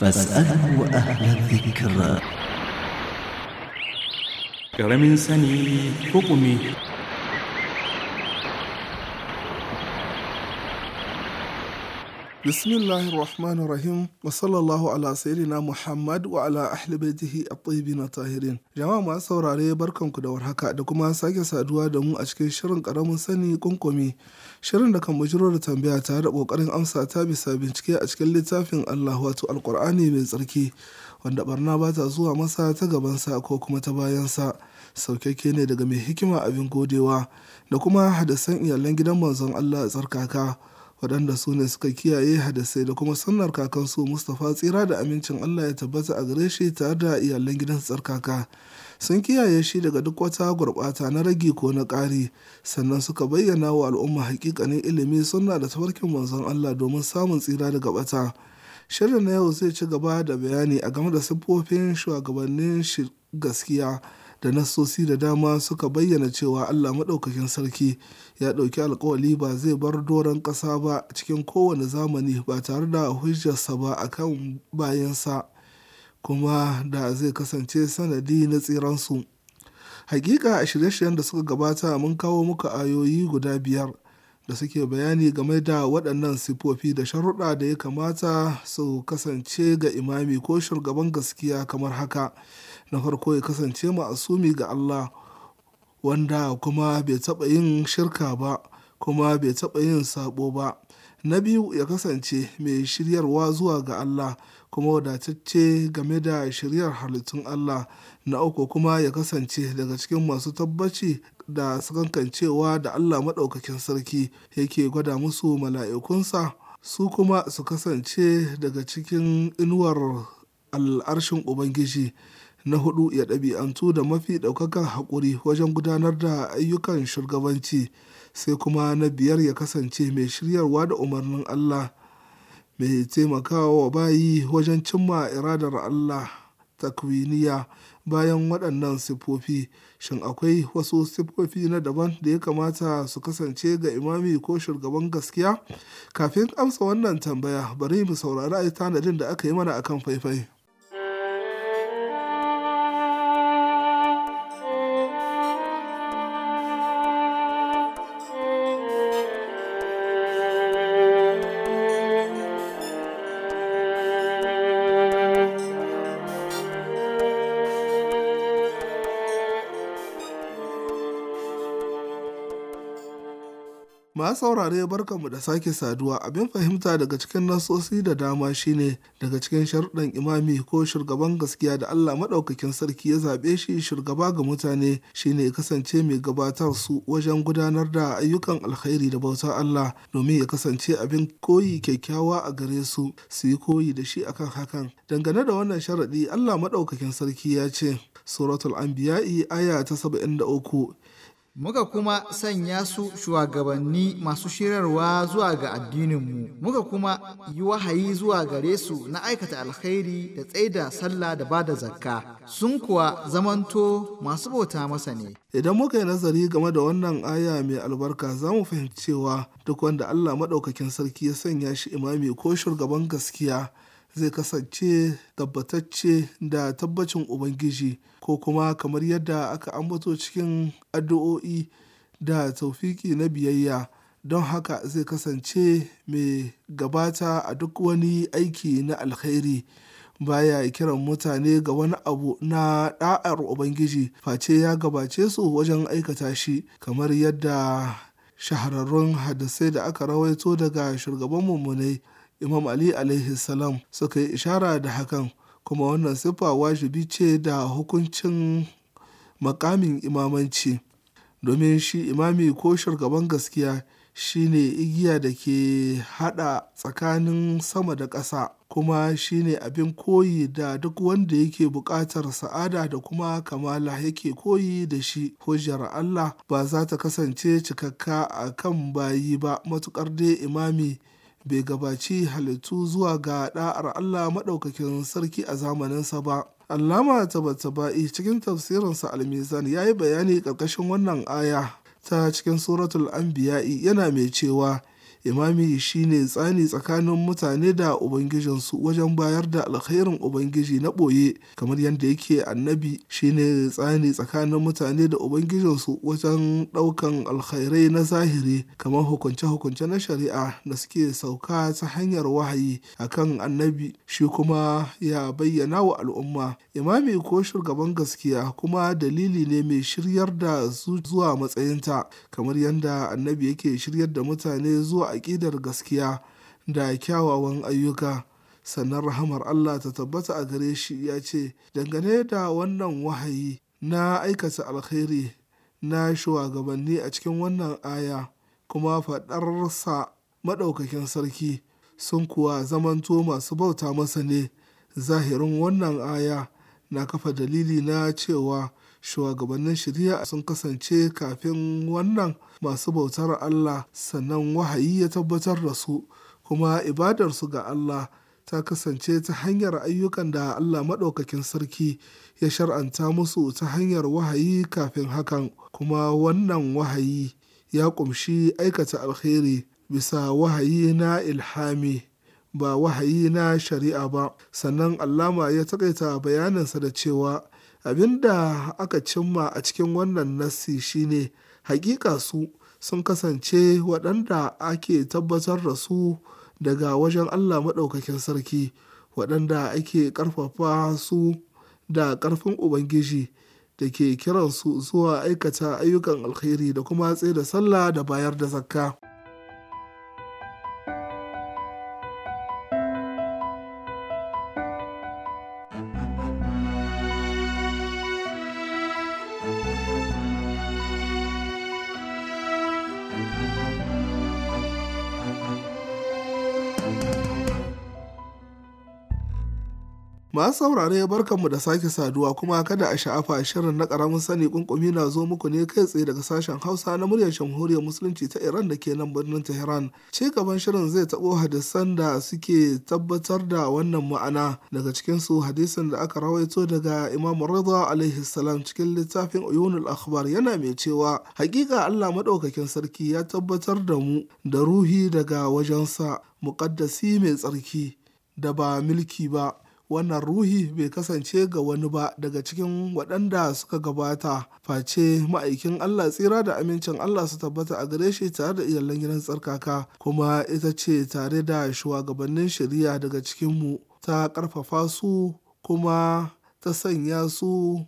فاسأله أهل الذكر كرم سني حكمي Bismillahi rahmanir rahim wa sallallahu ala sayyidina muhammad wa ala ahli baitihi at-tayyibin tahirin jama'a masu saurare barkanku da warhaka da kuma sake saduwa da mu a cikin shirin karamin sani kunkumi shirin da kan bujiro da tambaya tare da kokarin amsa ta bisa bincike a cikin littafin Allah wato alqur'ani mai tsarki wanda barna ba ta zuwa masa ta gabansa ko kuma ta bayansa saukakke ne daga mai hikima abin godewa da kuma hadasan iyalan gidan manzon Allah tsarkaka waɗanda su ne suka kiyaye hadisai da kuma sannar kakansu mustapha tsira da amincin allah ya tabbata a gare shi tare da iyalan gidan tsarkaka sun kiyaye shi daga duk wata gurɓata na ragi ko na ƙari sannan suka bayyana wa al'umma hakikanin ilimi sunna da tafarkin manzon allah domin samun tsira daga gabata. shirin na yau zai ci gaba da bayani a game da siffofin shugabannin gaskiya da nassosi da dama suka bayyana cewa Allah maɗaukakin sarki ya ɗauki alkawali ba zai bar doron ƙasa ba cikin kowane zamani ba tare da hujjarsa ba a kan bayansa kuma da zai kasance sanadi na tsiransu. Hakika a shirye-shiryen da suka gabata mun kawo muka ayoyi guda biyar da suke bayani game da waɗannan sifofi da sharuɗa da ya kamata su kasance ga imami ko shugaban gaskiya kamar haka. na farko ya kasance ma'asumi ga Allah wanda kuma bai taɓa yin shirka ba kuma bai taɓa yin sabo ba na biyu ya kasance mai shiryarwa zuwa ga Allah kuma wadatacce game da shiryar halittun Allah na uku kuma ya kasance daga cikin masu tabbaci da sakankancewa da Allah maɗaukakin sarki yake gwada musu mala'ikunsa su kuma su kasance daga cikin inuwar al'arshin Ubangiji Na hudu ya ɗabi'antu da mafi ɗaukakan haƙuri wajen gudanar da ayyukan shugabanci, sai kuma na biyar ya kasance mai shiryarwa da umarnin Allah, mai taimakawa wa bayi wajen cimma iradar Allah takwiniya. Bayan waɗannan siffofi, shin akwai wasu siffofi na daban da ya kamata su kasance ga imami ko shugaban gaskiya? Kafin amsa wannan tambaya, bari mu saurari tanadin da aka yi mana akan faifai. Ma saurare barkanmu da sake saduwa abin fahimta daga cikin nasosi da dama shine daga cikin sharɗan imami ko shugaban gaskiya da Allah maɗaukakin sarki ya zaɓe shi shugaba ga mutane shine ya kasance mai gabatar su wajen gudanar da ayyukan alkhairi da bauta Allah domin ya kasance abin koyi kyakkyawa a gare su su yi koyi da shi akan hakan. Dangane da wannan sharaɗi Allah maɗaukakin sarki ya ce suratul anbiya'i aya ta saba'in da uku." muka kuma sanya su shugabanni masu shirarwa zuwa ga addininmu muka kuma yi wahayi zuwa gare su na aikata alkhairi da tsaida sallah da bada zakka sun kuwa zamanto masu bauta masa ne idan muka yi nazari game da wannan aya mai albarka za mu fahimci cewa duk wanda Allah maɗaukakin sarki ya sanya shi imami ko shugaban gaskiya zai kasance tabbatacce da tabbacin Ubangiji, ko kuma kamar yadda aka ambato cikin addu'o'i da taufiki na biyayya, don haka zai kasance mai gabata a duk wani aiki na alkhairi. Baya kiran mutane ga wani abu na ɗa'ar Ubangiji, face ya gabace su wajen aikata shi, kamar yadda shahararrun hadisai da aka rawaito daga shugaban mummunai Imam Ali alaihi salam suka yi ishara da hakan kuma wannan siffa wajibi ce da hukuncin makamin imamanci domin shi imami ko shugaban gaskiya shine igiya da ke hada tsakanin sama da ƙasa kuma shine abin koyi da duk wanda yake buƙatar sa'ada da kuma kamala yake koyi da shi hujjar Allah ba za ta kasance cikakka a kan bayi ba matuƙar dai imami bai gabaci halittu zuwa ga da'ar Allah maɗaukakin sarki a zamaninsa ba. Allama tabataba'i cikin tafsirinsa almizan ya yi bayani ƙarƙashin wannan aya ta cikin suratul anbiya'i yana mai cewa Imami shine tsani tsakanin mutane da Ubangijinsu wajen bayar da alkhairin Ubangiji na ɓoye, kamar yadda yake annabi shine tsani tsakanin mutane da Ubangijinsu wajen ɗaukan alkhairai na zahiri, kamar hukunce-hukunce na shari'a da suke sauka ta hanyar wahayi akan annabi shi kuma ya bayyana wa al'umma. Imami ko shugaban gaskiya kuma dalili ne mai shiryar da zuwa matsayinta, kamar yadda annabi yake shiryar da mutane zuwa aƙidar gaskiya da kyawawan ayyuka sannan rahamar Allah ta tabbata a gare shi ya ce dangane da wannan wahayi na aikata alkhairi na shugabanni a cikin wannan aya kuma faɗarsa maɗaukakin sarki sun kuwa zamanto masu bauta masa ne zahirin wannan aya na kafa dalili na cewa shugabannin shari'a sun kasance kafin wannan masu bautar Allah sannan wahayi ya tabbatar da su kuma ibadarsu ga Allah ta kasance ta hanyar ayyukan da Allah maɗaukakin sarki ya shar'anta musu ta hanyar wahayi kafin hakan kuma wannan wahayi ya ƙumshi aikata alkhairi bisa wahayi na ilhami ba wahayi na shari'a ba sannan allama ya taƙaita bayaninsa da cewa Abin da aka cimma a cikin wannan nassi shine hakika su, sun kasance waɗanda ake tabbatar da su daga wajen Allah Maɗaukakin Sarki, waɗanda ake ƙarfafa su da ƙarfin Ubangiji da ke kiransu zuwa aikata ayyukan alkhairi da kuma tsaye da sallah da bayar da zakka. Masu saurare barkanmu da sake saduwa kuma kada a sha'afa shirin na karamin sani kunkumi na zo muku ne kai tsaye daga sashen Hausa na muryar Jamhuriyar Musulunci ta Iran da ke nan birnin Tehran. Ci gaban shirin zai taɓo hadisan da suke tabbatar da wannan ma'ana daga cikin su hadisin da aka rawaito daga Imam Rida alaihi salam cikin littafin Uyunul Akhbar yana mai cewa hakika Allah madaukakin sarki ya tabbatar da mu da ruhi daga wajensa muƙaddasi mai tsarki da ba milki ba. wannan ruhi bai kasance ga wani ba daga cikin waɗanda suka gabata face ma'aikin Allah tsira da amincin Allah su tabbata a gare shi tare da iyalan gidan tsarkaka kuma ita ce tare da shugabannin shari'a daga cikin mu ta ƙarfafa su kuma ta sanya su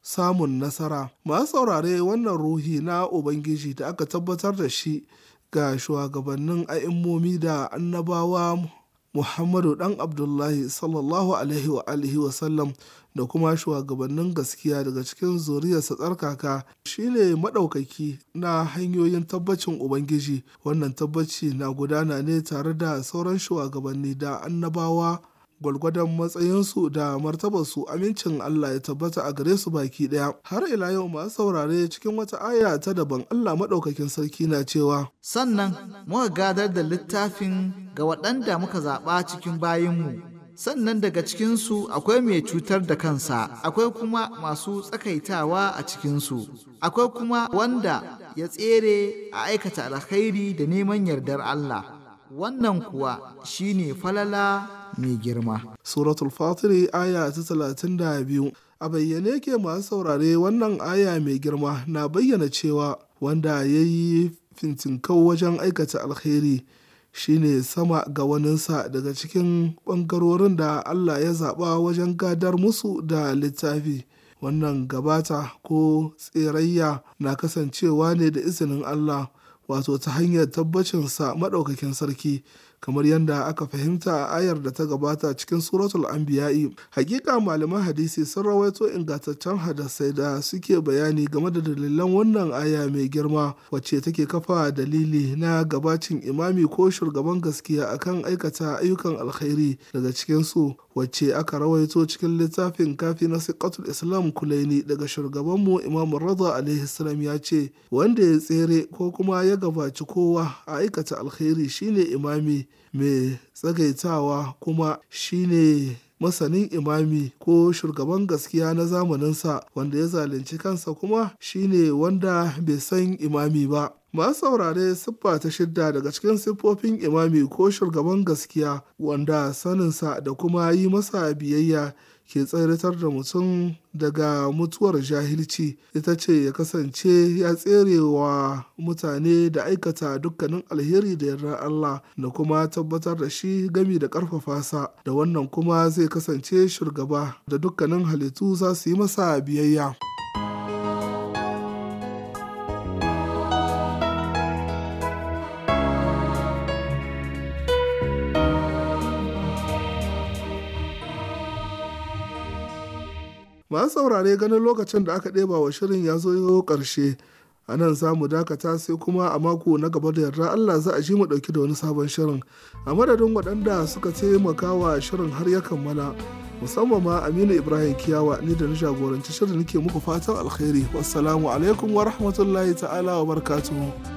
samun nasara masu saurare wannan ruhi na ubangiji da aka tabbatar da shi ga shugabannin a'immomi da annabawa Muhammadu ɗan Abdullahi sallallahu alaihi wa alihi wa sallam da kuma shugabannin gaskiya daga cikin zuriyarsa tsarkaka shine maɗaukaki na hanyoyin tabbacin Ubangiji wannan tabbaci na gudana ne tare da sauran shugabanni da annabawa gwargwadon matsayinsu da martabarsu amincin Allah ya tabbata a gare su baki ɗaya. Har ila yau masu saurare cikin wata aya ta daban Allah maɗaukakin sarki na cewa. Sannan muka gadar da littafin ga waɗanda muka zaɓa cikin bayinmu. Sannan daga cikinsu akwai mai cutar da kansa, akwai kuma masu tsakaitawa a cikinsu, akwai kuma wanda ya tsere a aikata alkhairi da neman yardar Allah. Wannan kuwa shine falala mai girma. Suratul Fatiri aya ta talatin da biyu a bayyane ke masu saurare wannan aya mai girma na bayyana cewa wanda ya yi fintinkau wajen aikata alkhairi shine sama ga waninsa daga cikin ɓangarorin da Allah ya zaɓa wajen gadar musu da littafi. Wannan gabata ko tsirayya na kasancewa ne da izinin Allah. wato ta hanyar tabbacin sa maɗaukakin sarki kamar yadda aka fahimta a ayar da ta gabata cikin suratul anbiya'i hakika malaman hadisi sun rawaito ingantaccen hadasai da suke bayani game da dalilan wannan aya mai girma wacce take kafa dalili na gabacin imami ko shugaban gaskiya akan aikata ayyukan alkhairi daga cikin su wacce aka rawaito cikin littafin kafi na siƙatul islam kulaini daga shugabanmu imamu raza alaihi ya ce wanda ya tsere ko kuma ya gabaci kowa a aikata alkhairi shine imami mai tsagaitawa kuma shine masanin imami ko shugaban gaskiya na zamaninsa wanda ya zalunci kansa kuma shine wanda bai san imami ba Ma saurare siffa ta shidda daga cikin siffofin imami ko shugaban gaskiya wanda saninsa da kuma yi masa biyayya ke tsaritar da mutum daga mutuwar jahilci ita ce ya kasance ya tserewa mutane da aikata dukkanin alheri da yarda Allah da kuma tabbatar da shi gami da karfafa sa da wannan kuma zai kasance shugaba da dukkanin halittu za su yi masa biyayya. saurare ganin lokacin da aka ɗeba wa shirin ya zo ƙarshe a nan za mu dakata sai kuma a mako na gaba da yarda Allah za a ji mu ɗauki da wani sabon shirin a madadin waɗanda suka taimaka wa shirin har ya kammala musamman ma Aminu Ibrahim Kiyawa ni da na jagoranci shirin nake muku fatan alkhairi wassalamu alaikum wa rahmatullahi ta'ala wa barakatuhu